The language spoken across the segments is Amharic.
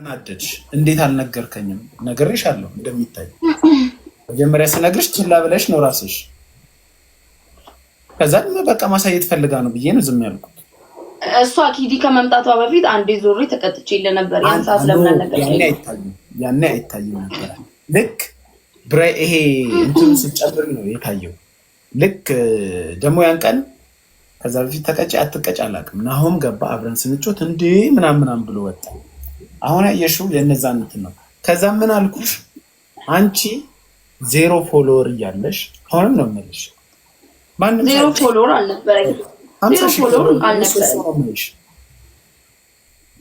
ተናደድሽ? እንዴት አልነገርከኝም? ነገርሽ አለው እንደሚታይ መጀመሪያ ስነግርሽ ችላ ብለሽ ነው ራስሽ። ከዛ በቃ ማሳየት ፈልጋ ነው ብዬ ነው ዝም ያልኩት። እሷ ኪዲ ከመምጣቷ በፊት አንዴ ዞሪ ተቀጥቼ ለነበር ያንሳ ስለምናነገር ያኔ አይታይም ነበረ። ልክ ብረ ይሄ እንትን ስጨምር ነው የታየው። ልክ ደግሞ ያን ቀን ከዛ በፊት ተቀጭ አትቀጭ አላውቅም። ናሆም ገባ አብረን ስንጮት እንዴ ምናምናም ብሎ ወጣ። አሁን ያየሽው የነዛ እንትን ነው። ከዛ ምን አልኩሽ? አንቺ ዜሮ ፎሎወር እያለሽ አሁንም ነው የምልሽ። ማንም ዜሮ ፎሎወር አልነበረኝ። ዜሮ ፎሎወር አልነበረኝ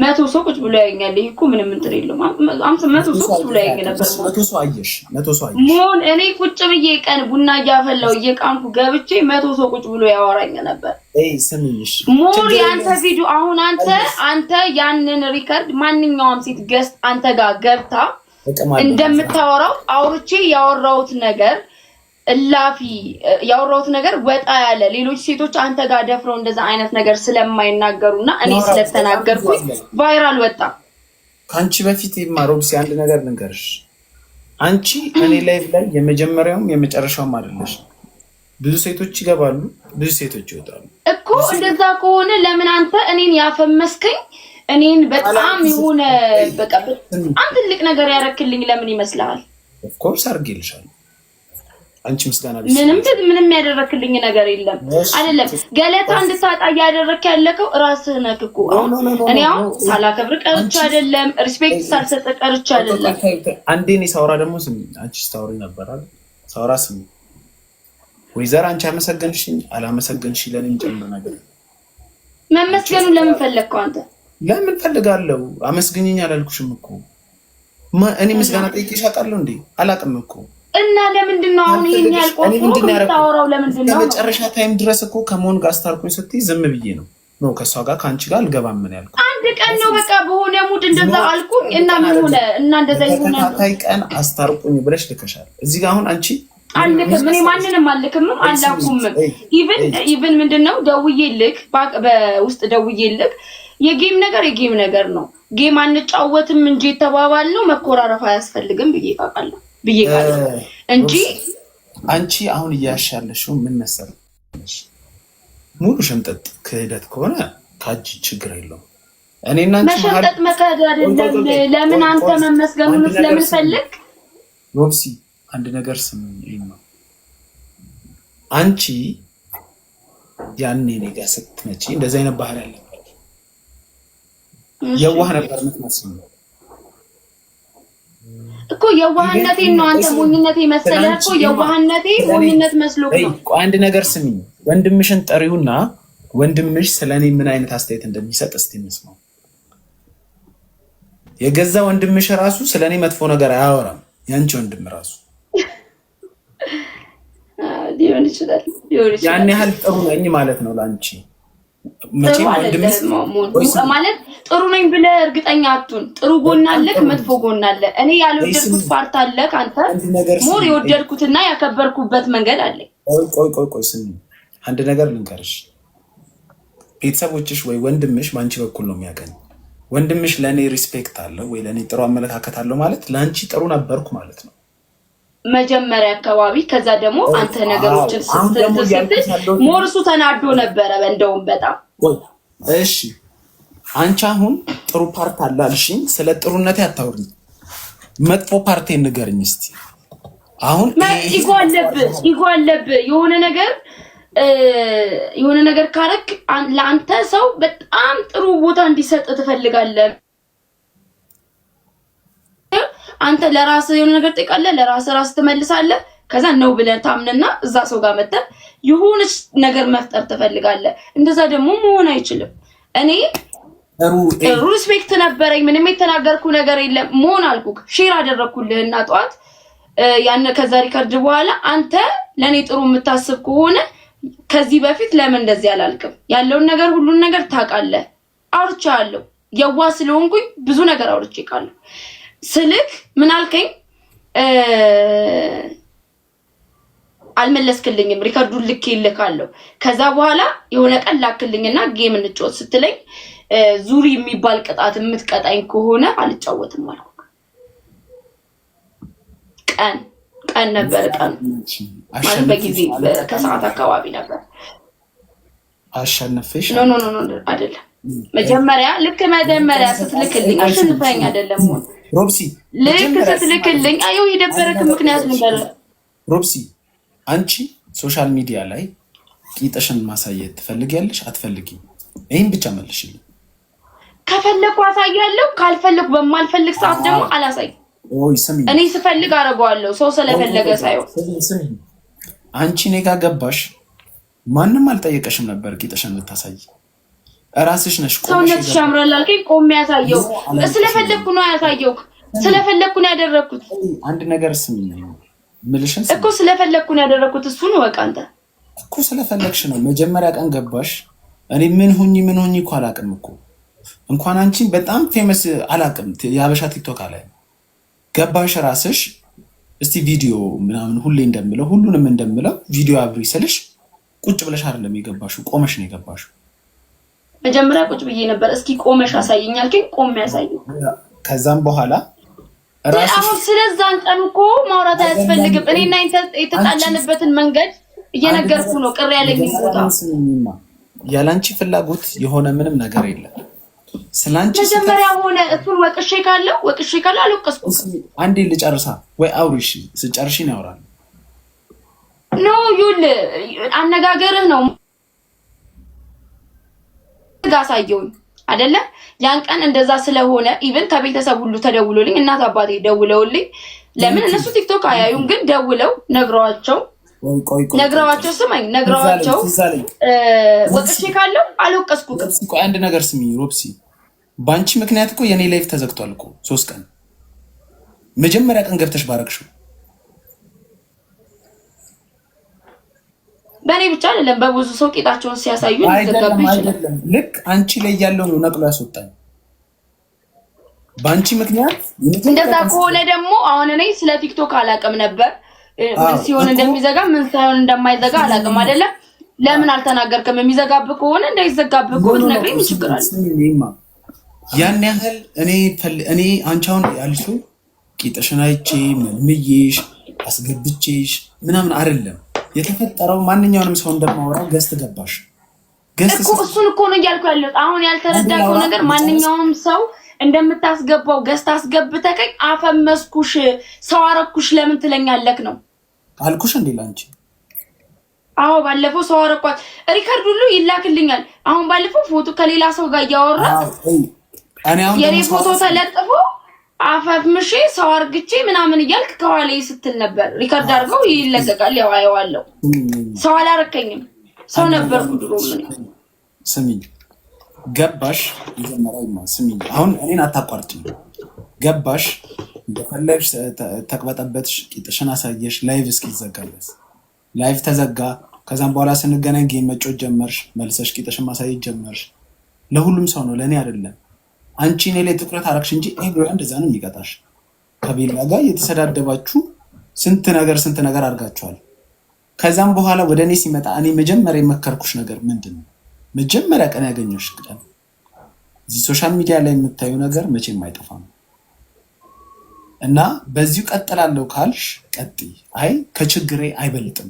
መቶ ሰው ቁጭ ብሎ ያገኛል። ይሄ እኮ ምንም እንትን የለውም። መቶ ሰው ቁጭ ብሎ ያገኝ ነበር። መቶ ሰው አየሽ፣ መቶ ሰው አየሽ መሆን እኔ ቁጭ ብዬ ቀን ቡና እያፈላው እየቃምኩ ገብቼ መቶ ሰው ቁጭ ብሎ ያወራኝ ነበር። ስምሽ ሞር የአንተ ቪዲዮ አሁን አንተ አንተ ያንን ሪከርድ ማንኛውም ሴት ገስት አንተ ጋር ገብታ እንደምታወራው አውርቼ ያወራሁት ነገር እላፊ ያወራሁት ነገር ወጣ ያለ ሌሎች ሴቶች አንተ ጋር ደፍረው እንደዛ አይነት ነገር ስለማይናገሩ እና እኔ ስለተናገርኩኝ ቫይራል ወጣ። ከአንቺ በፊት ሮብሲ አንድ ነገር ንገርሽ። አንቺ እኔ ላይፍ ላይ የመጀመሪያውም የመጨረሻውም አይደለሽ። ብዙ ሴቶች ይገባሉ፣ ብዙ ሴቶች ይወጣሉ እኮ። እንደዛ ከሆነ ለምን አንተ እኔን ያፈመስከኝ? እኔን በጣም የሆነ በቃ በጣም ትልቅ ነገር ያረክልኝ ለምን ይመስልሃል? ኦፍኮርስ አድርጌልሻለሁ አንቺ ምስጋና ቢስ ምንም ምንም ያደረክልኝ ነገር የለም። አይደለም ገለታ እንድታጣ እያደረክ ያለከው ራስህ ነህ እኮ። አሁን እኔ አሁን ሳላከብር ቀርቼ አይደለም፣ ሪስፔክት ሳልሰጠ ቀርቼ አይደለም። አንዴ እኔ ሳውራ ደግሞ ስሚ፣ አንቺ ስታውሪ ነበር አይደል? ሳውራ ስሚ፣ ወይዘር አንቺ አመሰገንሽኝ አላመሰገንሽ ለኔ ጨምር ነገር መመስገኑ ለምን ፈለግከው አንተ? ለምን ፈልጋለሁ? አመስግኝኝ አላልኩሽም እኮ እኔ ምስጋና ጠይቄሽ አውቃለሁ እንዴ? አላውቅም እኮ እና ለምንድን ነው አሁን ይሄን ያልቆጥሮ የምታወራው? ለምንድን ነው መጨረሻ ታይም ድረስ እኮ ከመሆን ጋር አስታርቁኝ ስትይ ዝም ብዬ ነው ነው ከእሷ ጋር ከአንቺ ጋር አልገባም። ምን ያልኩ አንድ ቀን ነው በቃ በሆነ ሙድ እንደዛ አልኩኝ እና ምን ሆነ እና እንደዛ ይሆነ ታይ ቀን አስታርቁኝ ብለሽ ልከሻል። እዚህ ጋር አሁን አንቺ አልክም እኔ ማንንም አልክምም አላኩምም። ኢቭን ኢቭን ምንድን ነው ደውዬ ልክ በውስጥ ደውዬ ልክ የጌም ነገር የጌም ነገር ነው ጌም አንጫወትም እንጂ የተባባልነው መኮራረፍ አያስፈልግም ብዬ ታውቃለሁ። ብዬ እንጂ አንቺ አሁን እያሻለሽው ምን ሙሉ ሽምጠጥ ክህደት ከሆነ ታጅ ችግር የለውም። እኔና መሸምጠጥ መካድ አይደለም። ለምን አንተ መመስገኑን ሮብሲ አንድ ነገር ስምኝ ነው። አንቺ ያኔ እኔ ጋር ስትመጪ እንደዚህ አይነት ባህል ያለ የዋህ ነበር ምትመስል ነው እኮ የዋህነቴን ነው አንተ ሞኝነቴ መሰለህ እኮ የዋህነቴ ሞኝነት መስሎ ነው። አንድ ነገር ስሚ፣ ወንድምሽን ጠሪውና ወንድምሽ ስለኔ ምን አይነት አስተያየት እንደሚሰጥ እስቲ እንስማው። የገዛ ወንድምሽ ራሱ ስለኔ መጥፎ ነገር አያወራም። ያንቺ ወንድም ራሱ ሊሆን ያን ያህል ጥሩ ነኝ ማለት ነው ለአንቺ መቼም ማለት ጥሩ ነኝ ብለ እርግጠኛ አቱን ጥሩ ጎን መጥፎ ጎን አለ። እኔ ያልወደድኩት ፓርት አለህ አንተ ሞር የወደድኩትና ያከበርኩበት መንገድ አለ። ቆይ ቆይ ቆይ ስሚ፣ አንድ ነገር ልንገርሽ። ቤተሰቦችሽ ወይ ወንድምሽ ማንቺ በኩል ነው የሚያገኝ። ወንድምሽ ለእኔ ሪስፔክት አለው ወይ ለእኔ ጥሩ አመለካከት አለው ማለት ለአንቺ ጥሩ ነበርኩ ማለት ነው መጀመሪያ አካባቢ ከዛ ደግሞ አንተ ነገሮችን ስትል ሞር እሱ ተናዶ ነበረ እንደውም በጣም እሺ አንቺ አሁን ጥሩ ፓርት አላልሽኝ። ስለ ጥሩነት ያታውሪ መጥፎ ፓርቴ ንገርኝ እስቲ። አሁን ኢጎ አለብህ፣ ኢጎ አለብህ። የሆነ ነገር የሆነ ነገር ካረክ ለአንተ ሰው በጣም ጥሩ ቦታ እንዲሰጥ ትፈልጋለህ። አንተ ለራስህ የሆነ ነገር ትጠይቃለህ፣ ለራስህ ራስህ ትመልሳለህ። ከዛ ነው ብለህ ታምንና እዛ ሰው ጋር መጥተህ የሆነች ነገር መፍጠር ትፈልጋለህ። እንደዛ ደግሞ መሆን አይችልም። እኔ ሩስፔክት ነበረኝ። ምንም የተናገርኩ ነገር የለም። መሆን አልኩክ ሼር አደረግኩልህና ጠዋት ያን ከዛ ሪከርድ በኋላ አንተ ለእኔ ጥሩ የምታስብ ከሆነ ከዚህ በፊት ለምን እንደዚህ አላልክም? ያለውን ነገር ሁሉን ነገር ታውቃለህ። አውርቻለሁ። የዋ ስለሆንኩኝ ብዙ ነገር አውርቼ ቃለሁ። ስልክ ምን አልከኝ? አልመለስክልኝም። ሪከርዱን ይልካለሁ። ከዛ በኋላ የሆነ ቀን ላክልኝና ጌም እንጫወት ስትለኝ ዙሪ የሚባል ቅጣት የምትቀጣኝ ከሆነ አልጫወትም አልኩ። ቀን ቀን ነበር፣ ቀን በጊዜ ከሰዓት አካባቢ ነበር። አሸነፈሽ? ኖ ኖ ኖ አይደለም። መጀመሪያ ልክ መጀመሪያ ስትልክልኝ አሸንፈኝ አይደለም ሮብሲ፣ ልክ ስትልክልኝ አየሁ። የደበረክ ምክንያት ነበር ሮብሲ። አንቺ ሶሻል ሚዲያ ላይ ቂጥሽን ማሳየት ትፈልጊያለሽ አትፈልጊም? ይህን ብቻ መልሽልኝ። ከፈለኩ አሳያለሁ፣ ካልፈለኩ በማልፈልግ ሰዓት ደግሞ አላሳይም። እኔ ስፈልግ አደርገዋለሁ፣ ሰው ስለፈለገ ሳይሆን። አንቺ እኔ ጋ ገባሽ፣ ማንም አልጠየቀሽም ነበር ጌጠሽን ልታሳይ እራስሽ ነሽ። ሰውነትሽ ያምራል አልከኝ፣ ቆሜ ያሳየው ስለፈለግኩ ነው ያሳየው፣ ስለፈለግኩ ነው ያደረግኩት። አንድ ነገር ስሚ ምልሽን እኮ ስለፈለግኩ ነው ያደረግኩት። እሱን ወቃ አንተ እኮ ስለፈለግሽ ነው። መጀመሪያ ቀን ገባሽ። እኔ ምን ሁኝ ምን ሁኝ እኮ አላውቅም እኮ እንኳን አንቺን በጣም ፌመስ አላቅም የሀበሻ ቲክቶክ ላይ ገባሽ ራስሽ እስቲ ቪዲዮ ምናምን ሁሌ እንደምለው ሁሉንም እንደምለው ቪዲዮ አብሪ ስልሽ ቁጭ ብለሽ አይደለም የገባሽው፣ ቆመሽ ነው የገባሽው። መጀመሪያ ቁጭ ብዬ ነበር። እስኪ ቆመሽ አሳየኛል፣ ግን ቆም ያሳየው። ከዛም በኋላ አሁን ስለዛን ቀን እኮ ማውራት አያስፈልግም። እኔና የተጣላንበትን መንገድ እየነገርኩ ነው። ቅር ያለኝ ቦታ ያላንቺ ፍላጎት የሆነ ምንም ነገር የለም። ስላንቺ መጀመሪያ ሆነ እሱን ወቅሼ ካለው ወቅሼ ካለው አልወቀስኩም። አንዴ ልጨርሳ ወይ አውሪሽ ስጨርሽን ያወራል። ኖ ዩል አነጋገርህ ነው ጋሳየውን አይደለም። ያን ቀን እንደዛ ስለሆነ ኢቨን ከቤተሰብ ሁሉ ተደውሎልኝ እናት አባቴ ደውለውልኝ፣ ለምን እነሱ ቲክቶክ አያዩም፣ ግን ደውለው ነግረዋቸው ነግረዋቸው ስማኝ ነግረዋቸው ወቅሼ ካለው አልወቀስኩም። አንድ ነገር ስሚ ሮፕሲ በአንቺ ምክንያት እኮ የእኔ ላይፍ ተዘግቷል እኮ ሶስት ቀን። መጀመሪያ ቀን ገብተሽ ባረግሽው በእኔ ብቻ አይደለም፣ በብዙ ሰው ቂጣቸውን ሲያሳዩ ልክ አንቺ ላይ ያለውን ነቅሎ ያስወጣኝ በአንቺ ምክንያት። እንደዛ ከሆነ ደግሞ አሁን እኔ ስለ ቲክቶክ አላውቅም ነበር። ምን ሲሆን እንደሚዘጋ ምን ሳይሆን እንደማይዘጋ አላውቅም አይደለም። ለምን አልተናገርክም? የሚዘጋብ ከሆነ እንዳይዘጋብ ከሆነ ነግሪኝ። ይችግራል ያን ያህል እኔ አንቺ አሁን ያልሹ ቂጥሽን አይቼ መልምዬሽ አስገብቼሽ ምናምን አይደለም የተፈጠረው። ማንኛውንም ሰው እንደማወራው ገዝት ገባሽ። እኮ እሱን እኮ ነው እያልኩ ያለሁት። አሁን ያልተረዳከው ነገር ማንኛውም ሰው እንደምታስገባው ገዝት አስገብተከኝ አፈመስኩሽ፣ ሰው አረኩሽ ለምን ትለኛለክ ነው አልኩሽ እንዴ ላንቺ አዎ ባለፈው ሰው አረኳት። ሪከርድ ሁሉ ይላክልኛል። አሁን ባለፈው ፎቶ ከሌላ ሰው ጋር እያወራ የኔ ፎቶ ተለጥፎ አፈፍምሼ ሰው አርግቼ ምናምን እያልክ ከኋላ ስትል ነበር። ሪከርድ አድርገው ይለቀቃል። ያው አየዋለሁ። ሰው አላረከኝም። ሰው ነበር ድሮ። ምን ስሚኝ፣ ገባሽ? መጀመሪያማ ስሚኝ፣ አሁን እኔን አታቋርጭኝ። ገባሽ? እንደፈለግሽ ተቅበጠበትሽ፣ ቂጥሽን አሳየሽ። ላይቭ እስኪዘጋ ድረስ ላይቭ ተዘጋ። ከዛም በኋላ ስንገናኝ ጌም መጮት ጀመርሽ፣ መልሰሽ ቂጥሽን ማሳየት ጀመርሽ። ለሁሉም ሰው ነው፣ ለእኔ አይደለም። አንቺ እኔ ላይ ትኩረት አረግሽ እንጂ ኤብሪዋ እንደዛ ነው የሚቀጣሽ። ከቤላ ጋር የተሰዳደባችሁ ስንት ነገር ስንት ነገር አድርጋችኋል። ከዛም በኋላ ወደ እኔ ሲመጣ እኔ መጀመሪያ የመከርኩሽ ነገር ምንድን ነው? መጀመሪያ ቀን ያገኘሽ ቀን እዚህ ሶሻል ሚዲያ ላይ የምታዩ ነገር መቼም አይጠፋም እና በዚሁ ቀጥላለሁ ካልሽ ቀጥ። አይ ከችግሬ አይበልጥም፣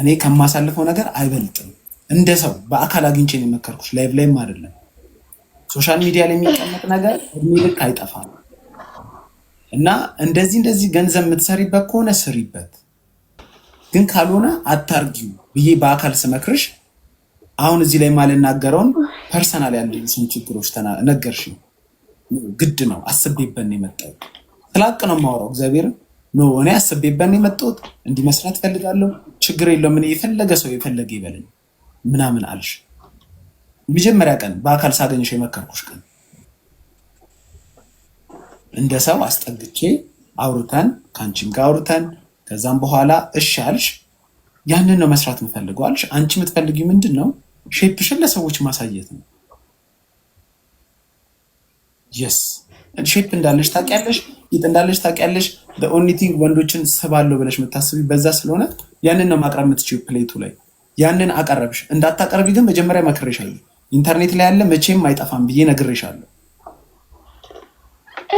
እኔ ከማሳልፈው ነገር አይበልጥም። እንደ ሰው በአካል አግኝቼ የመከርኩሽ ላይቭ ላይም አይደለም ሶሻል ሚዲያ ላይ የሚቀመጥ ነገር እድሜ ልክ አይጠፋም እና እንደዚህ እንደዚህ ገንዘብ የምትሰሪበት ከሆነ ስሪበት፣ ግን ካልሆነ አታርጊው ብዬ በአካል ስመክርሽ አሁን እዚህ ላይ ማልናገረውን ፐርሰናል ስም ችግሮች ነገርሽ። ግድ ነው አስቤበት ነው የመጣሁት። ስላቅ ነው የማወራው። እግዚአብሔር ኖ እኔ አስቤበት ነው የመጣሁት። እንዲህ መስራት ፈልጋለሁ። ችግር የለውም። ምን የፈለገ ሰው የፈለገ ይበልኝ ምናምን አልሽ መጀመሪያ ቀን በአካል ሳገኝሽ የመከርኩሽ ቀን እንደ ሰው አስጠግቼ አውርተን ከአንቺም ጋር አውርተን ከዛም በኋላ እሺ አልሽ። ያንን ነው መስራት የምፈልገው አልሽ። አንቺ የምትፈልጊው ምንድን ነው? ሼፕሽን ለሰዎች ማሳየት ነው። የስ ሼፕ እንዳለሽ ታውቂያለሽ፣ ጌጥ እንዳለሽ ታውቂያለሽ። በኦኒቲንግ ወንዶችን ስባለሁ ብለሽ የምታስቢ በዛ ስለሆነ ያንን ነው ማቅረብ የምትችይው ፕሌቱ ላይ ያንን አቀረብሽ። እንዳታቀርቢ ግን መጀመሪያ መክሬሻለሁ። ኢንተርኔት ላይ ያለ መቼም አይጠፋም ብዬ ነግሬሻለሁ።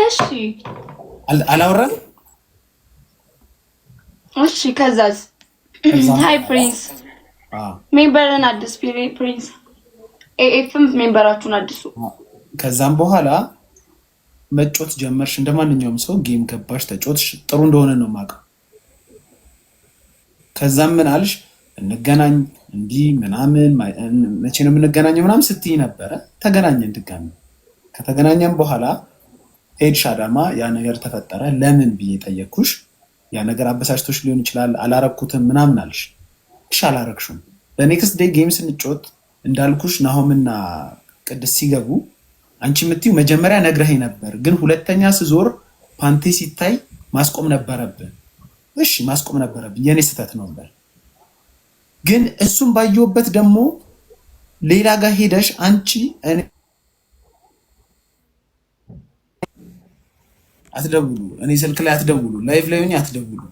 እሺ አላወራንም። እሺ ከዛስ? ሀይ ፕሪንስ ሜምበርን አዲስ ፕሪንስ ኤኤፍም ሜምበራችሁን አዲሱ። ከዛም በኋላ መጮት ጀመርሽ። እንደ ማንኛውም ሰው ጌም ገባሽ፣ ተጮትሽ። ጥሩ እንደሆነ ነው የማውቀው። ከዛም ምን አልሽ? እንገናኝ እንዲህ ምናምን መቼ ነው የምንገናኘው ምናምን ስትይ ነበረ። ተገናኘን ድጋሚ። ከተገናኘን በኋላ ሄድሽ አዳማ፣ ያ ነገር ተፈጠረ ለምን ብዬ ጠየቅኩሽ። ያ ነገር አበሳጭቶሽ ሊሆን ይችላል አላረግኩትም ምናምን አልሽ። እሺ አላረግሹም። በኔክስት ዴይ ጌም ስንጮት እንዳልኩሽ ናሆምና ቅድስ ሲገቡ አንቺ የምትዩ መጀመሪያ ነግረኸኝ ነበር፣ ግን ሁለተኛ ስዞር ፓንቴ ሲታይ ማስቆም ነበረብን። እሺ ማስቆም ነበረብን፣ የኔ ስህተት ነበር። ግን እሱን ባየሁበት ደግሞ ሌላ ጋር ሄደሽ አንቺ አትደውሉ፣ እኔ ስልክ ላይ አትደውሉ፣ ላይቭ ላይ አትደውሉ።